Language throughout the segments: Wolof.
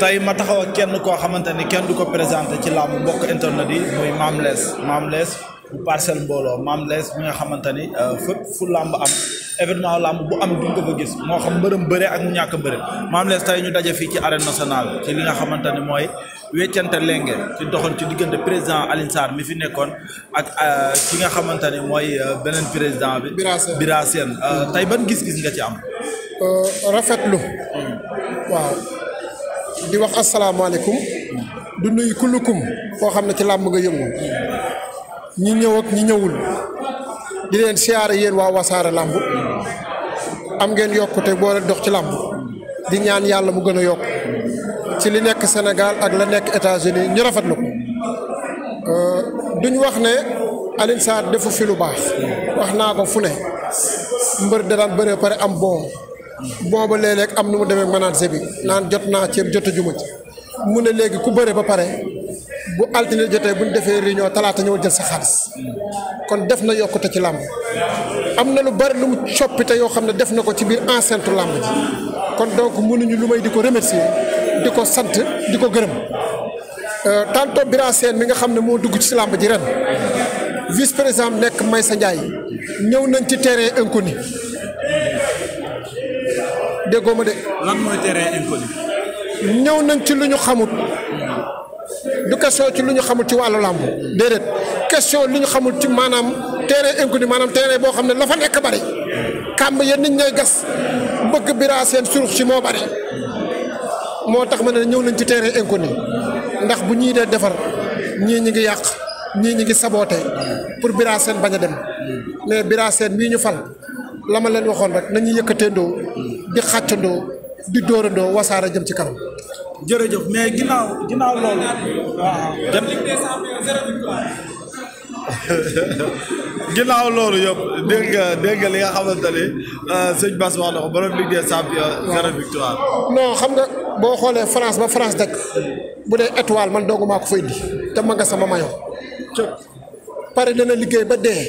tey ma taxaw ak kenn koo xamante ni kenn du ko présenté ci làmb mbokk internet yi muy Mame Less Mame Less bu Parcelles mbooloo maam Less bi nga xamante ni euh, fépp fu làmb am événement làmb bu am duñ ko fa gis moo xam mbërëm bëre ak mu ñàkk mbëre Mame Less tey ñu daje fii ci arène nationale ci li nga xamante ni mooy weccante lenge ci doxoon ci diggante président Alioune Sarr mi fi nekkoon ak euh, ki nga xamante ni mooy euh, beneen président bi Bira Sène tey ban gis-gis nga ci am di wax asalaamaaleykum du nuyu kullukum foo xam ne ci làmb nga yëngu ñi ñëw ak ñi ñëwul di leen siyaare yéen waa wasaare làmb am ngeen yokkute boo leen dox ci làmb di ñaan yàlla mu gën a yokk ci li nekk senegal ak la nekk États-Unis rafet rafetlu ko euh, duñ wax ne Alioune Sarr defu fi lu baax wax naa ko fu ne mbër da daan bëre pare am bon. booba léeg-léeg am nu mu demee manaat bi naan jot naa ceeb jote juma ci mu ne léegi ku bëre ba pare bu altine jotee bu ñu defee réunion talaata ñëw jël sa xaalis kon def na yokkute ci làmb am na lu bari lu mu coppite yoo xam ne def na ko ci biir enceinte làmb ji kon donc mënuñu lu may di ko remercier di ko sant di ko gërëm euh, tantôt Bira Sène mi nga xam ne moo dugg ci làmb ji ren par exemple nekk sa Ndiaye ñëw nañ ci terrain inconnu déggoo ma de. lan mooy ñëw nañ ci lu ñu xamut du question ci lu ñu xamul ci wàllu làmb déedéet question lu ñu xamul ci maanaam terrain inconnu maanaam terrain boo xam ne la fa nekk bari kàmb yéen nit ñooy gas bëgg bira seen surux si moo bari moo tax ma ne ñëw nañ ci terrain inconnu ndax bu ñii dee defar ñii ñi ngi yàq ñii ñi ngi saboote pour bira bañ a dem mais bira seen mii ñu fal la ma leen waxoon rek nañu yëkkateendoo di xàccandoo di dóorandoo wasaara jëm ci kanam. jërëjëf mais ginnaaw ginnaaw loolu. waaw dem ginnaaw loolu yëpp dégg nga dégg nga li nga xamante ni euh, sëñ Bass wax na ko victoire. non xam nga boo xoolee France ba France daj bu dee étoile man doogu maa ko te ma nga sama mayo pare dana liggéey ba dee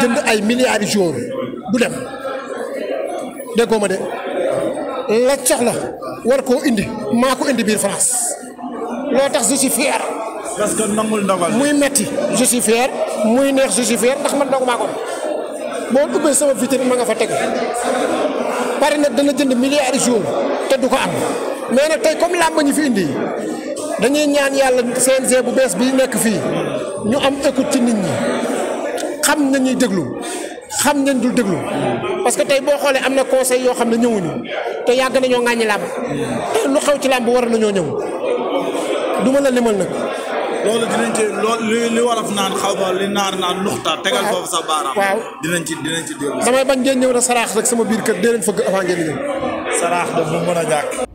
jënd ay milliards de du dem déggoo ma de la soxla war koo indi maa ko indi biir France loo tax je parce que nangul ndogal muy metti je suis fier muy neex je suis fier ndax man dogu maa boo ubbee sama vitrine ma nga fa teg pare nag dana jënd milliards jour te du ko am mais nag tey comme làmb ñi fi indi dañuy ñaan yàlla CNG bu bees bi nekk fii ñu am écoute ci nit ñi xam nañuy déglu. xam ngeen dul déglu parce que tey boo xoolee am na conseil yoo xam ne ñëwuñu te yàgg nañoo ŋàññi làmb te lu xew ci làmb war nañoo ñëw du ma la limal nag. loolu dinañ ci loolu li waraf naan xaw ma li naar naan nuxta tegal foofu sa baaraam. waaw dinañ ci dinañ ci déglu. damay bañ ngeen ñëw na saraax rek sama biir kër dee leen fëgg avant ngeen di ñëw. saraax a ñàkk.